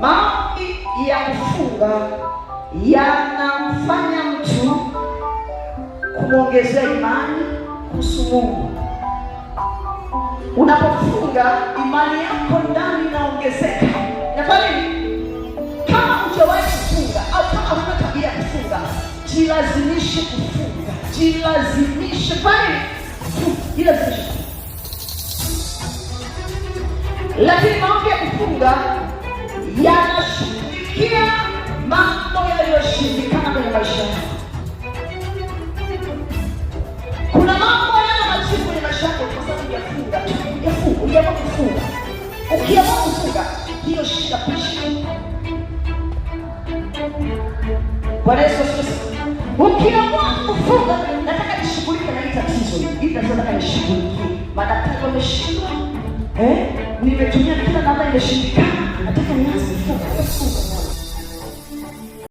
Maombi ya kufunga yanamfanya mtu kumwongezea imani kuhusu Mungu. Unapofunga imani yako ndani inaongezeka. Nafanya nini? Kama hujawahi kufunga au kama huna tabia ya kufunga, jilazimishe kufunga, jilazimishe fanya jilazimishe. Lakini maombi ya kufunga yanashughulikia mambo yaliyoshindikana kwenye maisha yako. Kuna mambo yana majibu kwenye maisha yako kwa sababu hujafunga tu, hujafunga, hujaamua kufunga. Ukiamua kufunga, hiyo shida kuishi. Bwana Yesu asifiwe. Ukiamua kufunga, nataka nishughulike na hili tatizo hili, hili tatizo nataka nishughulikie, maana tatizo limeshindwa eh, nimetumia kila namna, imeshindikana Thank you.